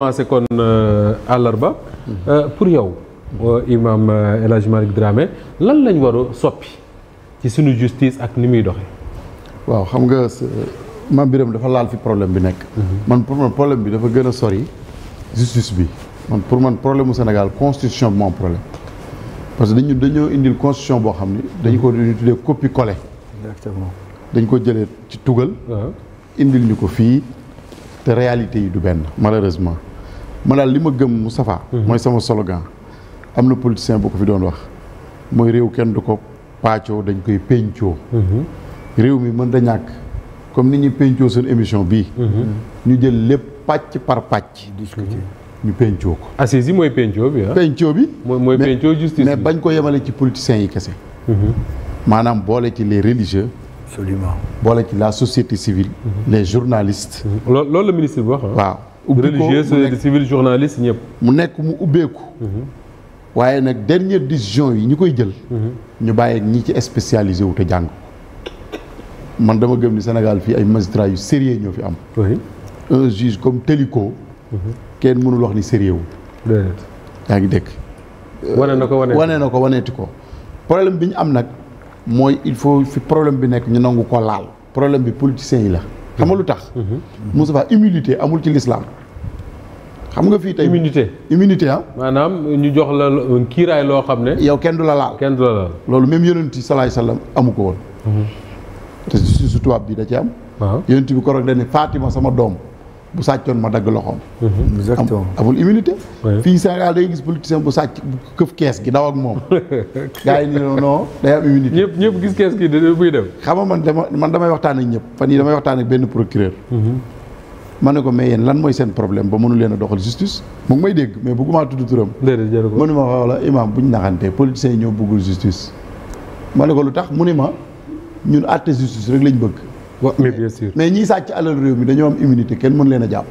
commencé kon euh, àllarba euh, pour yow euh, imam El Hadj Malick Dramé lan lañ war a soppi ci suñu justice ak ni muy doxe waaw xam nga ma biram dafa laal fi problème bi nekk mhm. man pour man problème bi dafa gën a sori justice bi man pour man problème mu Sénégal constitution bi moo am problème parce que dañu dañoo indil constitution boo xam ni dañu ko dañu tuddee copie collé dañ ko jëlee ci tugal indil ñu ko fii te réalité yi du benn malheureusement ma li ma gëm Moustapha mhm. mooy sama slogan am na politicien boo ko fi doon wax mooy réew kenn du ko paccoo dañ koy péncoo mhm. réew mi mën da ñàkk comme ni ñuy péncoo seen émission bi mhm. ñu jël lépp pàcc par pàcc ñu péncoo ko assise yi mooy péncoo bi ah? péncoo bi mooy péncoo justice mais bañ ko yemale ci politiciens yi kese maanaam boole ci les religieux absolument boole ci la société civile les journalistes loolu la ministre bi wax ah? waaw religieuse de civil journaliste ñëpp. mu nekk mu ubbeeku. Mhm. waaye nag dernière décision yi ñu koy jël. Mhm. ñu bàyyi ñi ci spécialisé wu te jàng. man dama gëm ni Sénégal fii ay magistrats yu sérieux ñoo fi am. un juge comme Téliko. Mhm. kenn mënul wax ni sérieux wu. yaa ngi dégg. wane na ko wane na ko waneeti ko. problème bi ñu am nag mooy il faut fi problème bi nekk ñu nangu ko laal. problème bi politiciens yi la. xam lu tax. Moustapha humilité amul ci l'islam xam nga fii tey immunité immunité ah. maanaam ñu jox la kiiraay loo xam ne. yow kenn du la laal kenn du la laal. loolu même yonent sa salaay salaam amu ko woon. Mhm. te su tubaab bi da ci am. waaw yonent bi ko rek dañ ne ma sama doom bu sàccoon ma dagg loxoom. Mhm. exactement amul immunité. fii Sénégal day gis politicien bu sàcc bu këf kees gi daw ak moom. gars yi nii non day am immunité. ñëpp ñëpp gis kees gi buy dem. xam nga man dama man damay waxtaan ak ñëpp fan yii damay waxtaan ak benn procureur. Mhm. ma ne ko mais yéen lan mooy seen problème ba mënu leen a doxal justice mu ngi may dégg mais bëgguma tudd turam mënu ma wala imam bu ñu naxantee politiciens yi ñoo bëggul justice ko lu tax mu ni ma ñun àtte justice rek lañ bëgg waaw mais bien sûr mais sàcc alal réew mi dañoo am immunité kenn mën leen a jàpp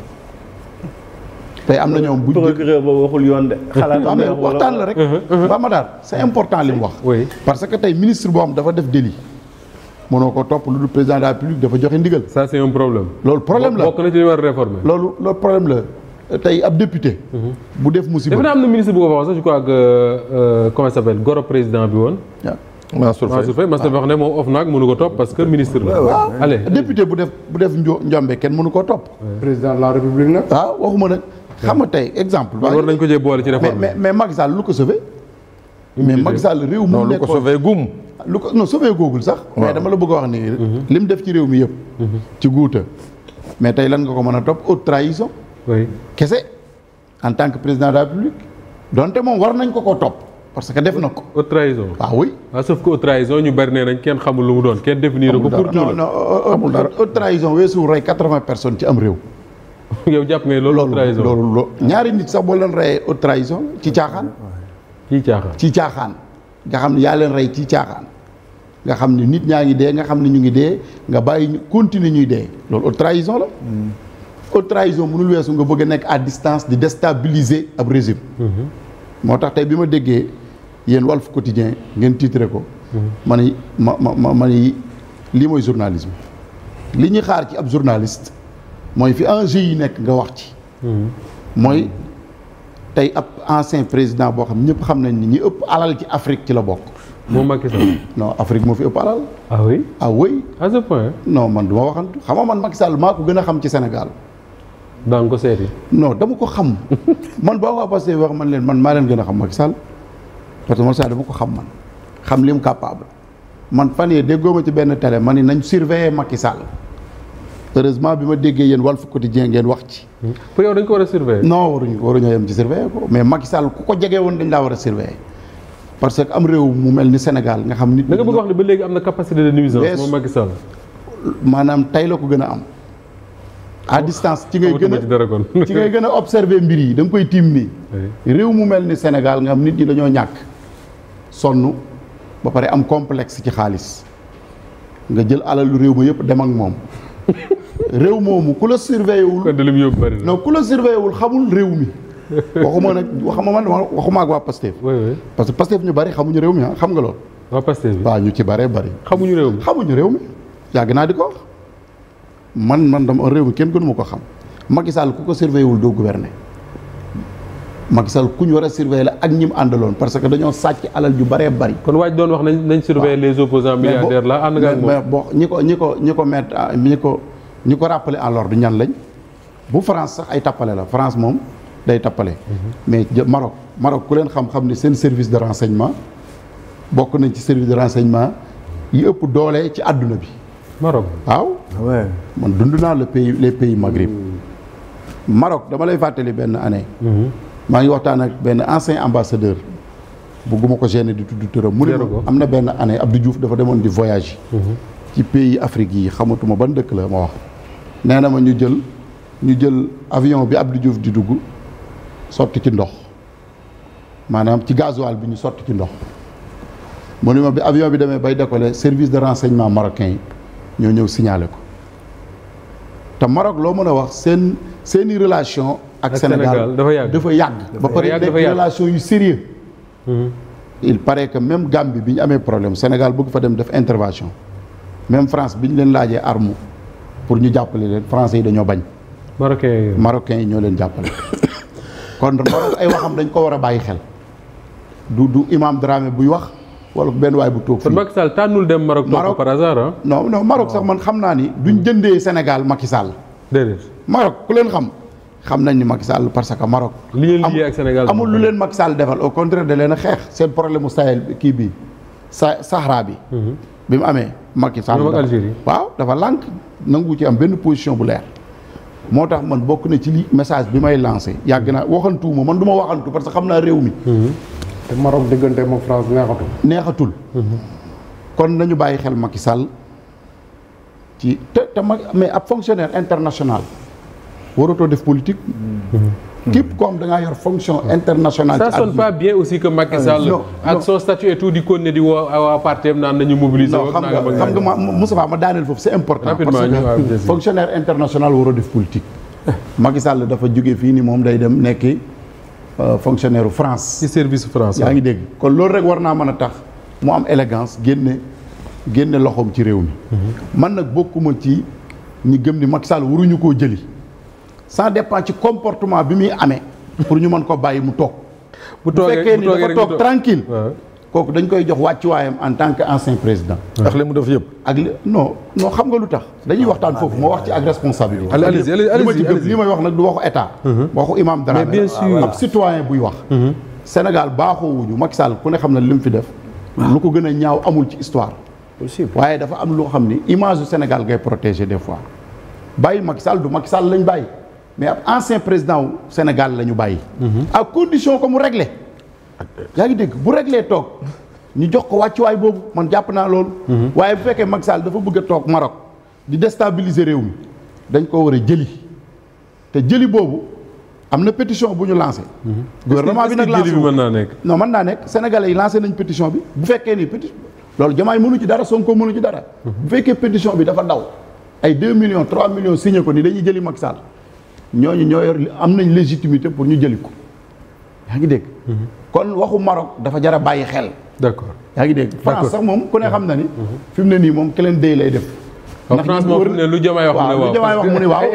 tey am na ñoom buñ procureur ba waxul yoon de xalaat waxtaan la rek uh-huh, uh-huh. ba ma daal c'est important li mu wax parce que tey ministre boo xam dafa def déli mënoo ko topp lu dul président de la République dafa joxe ndigal. ça c'est un problème. loolu problème la tey ab député. Mhm. bu def musiba. defe naa am na ministre bu ko wax sax je crois que euh, euh, comment président bi woon. Mansour Faye Mansour Faye Mansour ah. ne moom OFNAC mënu parce que ministre la. waaw allez député def bu def kenn mënu ko topp. président de la République nag. waaw ah, waxuma nag xam nga tey exemple. war nañ ko cee boole ci réforme mais mais Macky Sall lu ko sauvé. mais Macky Sall réew mu nekkoon lu ko sauvé gum lu ko non sauvé googul sax mais dama la bëgg a wax ni mhm. li mu def ci réew mi yëpp mhm. ci guuta mais tey lan nga ko mën a topp haute trahison kese en tant que président de la République donte moom war nañ ko ko topp parce que def na ko. haute trahison ah oui. waaw ah, sauf que haute trahison ñu bari nee nañ kenn xamul lu mu doon kenn définir ko. pour non non xamul euh, dara haute trahison weesu rey quatre-vingts personnes ci am réew. yow jàpp nga loolu haute trahison loolu loolu ñaari nit sax boo leen reyee haute ci caaxaan ci caaxaan nga xam ne yaa leen rey ci caaxaan nga xam ni nit ñaa ngi dee nga xam ne ñu ngi dee nga bàyyi ñu continuer ñuy dee loolu haute trahison la mm-hmm. haute trahison lu weesu nga bëgg a nekk à distance di déstabiliser ab régime mm-hmm. moo tax tey bi ma déggee yéen Walf Quotidien ngeen titré ko mm-hmm. ma ni ma ma ma ni lii mooy journalisme li ñuy xaar ci ab journaliste mooy fi enjeu yi nekk nga wax ci mooy tey ab ancien président boo xam ñëpp xam nañ ni ñi ëpp alal ci Afrique ci la bokk. moom Macky Sall. non Afrique moo fi ëpp alal. ah oui ah oui. à ce point. non man du waxantu xam man Macky Sall maa ko gën a xam ci Sénégal. daa ko seeti. non dama ko xam man boo ko passé wax man leen man maa leen gën a xam Macky Sall parce que man sax dama ko xam man xam li mu capable man fan yee déggoo ma ci benn télé ma ni nañ surveiller Macky Sall. heureusement bi ma déggee yéen Walf Quotidien ngeen wax ci. pour yow dañ ko war a surveiller. non waruñu waruñoo yem ci surveiller ko mais Macky Sall ku ko jege woon dañ laa war a surveiller parce que am réew mu mel ni Sénégal nga xam. nit da nga bëgg wax ne ba léegi am na capacité de nuisance moom maanaam tey la ko gën a am. à oh, distance ci ngay gën a ci ngay gën a observer mbir yi da nga tiim nii. réew mu mel ni Sénégal nga xam nit ñi dañoo ñàkk sonn ba pare am complexe ci xaalis nga jël alalu réew ma yëpp dem ak moom. réew moomu ku la surveillé wul. non ku la surveillé wul xamul réew mi. waxuma nag waxuma man waxuma ak waa Pastef. parce que Pastef ñu bari xamuñu réew mi ah, xam nga lool. waa Pastef bi waaw ñu ci bëree bëri. xamuñu réew mi xamuñu réew yàgg naa di ko man man dama réew mi kenn gënu ma ko xam Macky ku ko surveillé wul doo gouverner Macky Sall ku ñu war a surveiller la ak ñi mu àndaloon parce que dañoo sàcc alal ju bari bëri. kon waaj doon wax nañ nañ les opposants la ànd nga moom ñi ko ñi ko ñi ko mettre ah, ñi ko. ñu ko rappeler à l'ordre ñan lañ bu France sax ay tappale la France moom day tappale mhm. mais Maroc Maroc ku leen xam-xam ne seen service de renseignement bokk nañ ci service de renseignement yi ëpp doole ci àdduna bi Maroc waaw ah man dund naa le pays les pays Maghreb mm. Maroc dama lay fàttali benn anne mhm. maa ngi waxtaan ak benn ancien ambassadeur bugguma ko gêner di tudd mu mu ne am na benn ab du Diouf dafa demoon di voyage mhm. ci pays Afrique yi xamatuma ban dëkk la ma wax nee na ma ñu jël ñu jël avion bi Abdou Diouf di dugg sotti ci ndox maanaam ci gasoil bi ñu sotti ci ndox mu ni ma bi avion bi demee bay dekole service de renseignement marocain yi ñoo ñëw signalé ko te Maroc loo mën a wax seen seeni relation ak Sénégal dafa yàgg dafa yàgg ba pare nekk relation yu sérieux hmm. il paraît que même Gambie bi ñu amee problème Sénégal bëgg fa dem def intervention même France bi ñu leen laajee arme pour ñu jàppale leen français yi dañoo bañ. marocain yi yi ñoo leen jàppale. kon Maroc ay waxam dañ ko war a bàyyi xel. du du imam Dramé buy wax wala benn waay bu toog fii. kon Macky tànnul dem Maroc. Maroc par hasard non sax man xam naa ni duñ mm. jëndee Sénégal Macky Sall. déedéet Maroc ku leen xam. xam nañ ni Macky Sall parce que Maroc. li ngeen liggéey ak Sénégal amul lu leen Macky Sall defal au contraire da leen xeex seen problème mu Sahel kii bi sa Sahara bi. Mm-hmm. bi mu amee Macky Sall waaw dafa lànk nangu ci am benn position bu leer moo tax man bokk na ci li message bi may lancé yàgg naa waxantuwuma man du ma waxantu parce que xam naa réew mi mhm. te Maroc diggante moom France neexatul neexatul mhm. kon nañu bàyyi xel Macky Sall ci te te mais ab fonctionnaire international waratoo def politique. Hmm. képp koo xam da ngaa yor fonction hmm. international ça sonne pas bien aussi que Macky Sall. ak son statut et tout di continuer di woo waa parteem naan nañu mobiliser. non xam nga xam nga Moustapha ma daaneel foofu c'est important. parce que fonctionnaire international waroo def politique. Macky Sall dafa jóge fii nii moom day dem nekki euh, fonctionnaire France. ci service France yaa ngi dégg. kon loolu rek war naa mën a tax mu am élégance génne génne loxoom ci réew mi. Mm-hmm. man nag bokkuma ci ñi gëm ni Macky Sall waruñu koo jëli. ça dépend ci comportement bi muy amee pour ñu mën ko bàyyi mu toog bu fekkee ni dafa toog tranquille kooku dañ koy jox wàccuwaayam en tant que ancien président ndax li mu def yëpp ak li non xam nga lu tax dañuy waxtaan foofu moo wax ci ak responsabilité li ma ci li may wax nag du waxu état mhm. waxu imam Dramé mais bien sûr ab citoyen buy wax mhm. Sénégal baaxoowuñu Macky Sall ku ne xam na li mu fi def lu ko gën a ñaaw amul ci histoire waaye dafa am loo xam ni image du Sénégal ngay protégé des fois bàyyi Macky Sall du Macky Sall lañ bàyyi mais ab ancien président wu Sénégal la ñu bàyyi. ak mhm. condition que mu réglé. yaa ngi dégg bu reglee toog ñu jox ko wàccuwaay boobu man jàpp naa loolu. Mhm. waaye bu fekkee Macky Sall dafa bëgg toog Maroc di déstabiliser réew mi dañ ko war a jëli te jëli boobu am na pétition bu ñu lancé. Mhm. gouvernement bi nag lancé mën naa nekk. non mën naa nekk sénégalais yi lancé nañ pétition bi bu fekkee ni pétition loolu jamaay mënu ci dara Sonko mënu ci dara. bu fekkee pétition bi dafa daw ay 2 millions 3 millions signé ko ni dañuy jëli Macky Sall. ñooñu ñoo yor am nañ légitimité pour ñu jëli ko yaa ngi dégg. Mhm. kon waxu Maroc dafa jar bàyyi xel. d'accord yaa ngi dégg France sax moom ku ne xam na ni. Mhm. fi mu ne nii moom keneen day lay def. ndax France moom ne lu jëmay wax mu ne waaw wax mu ne waaw.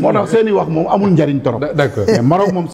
moo tax seen wax moom amul njariñ torop. d'accord mais moom.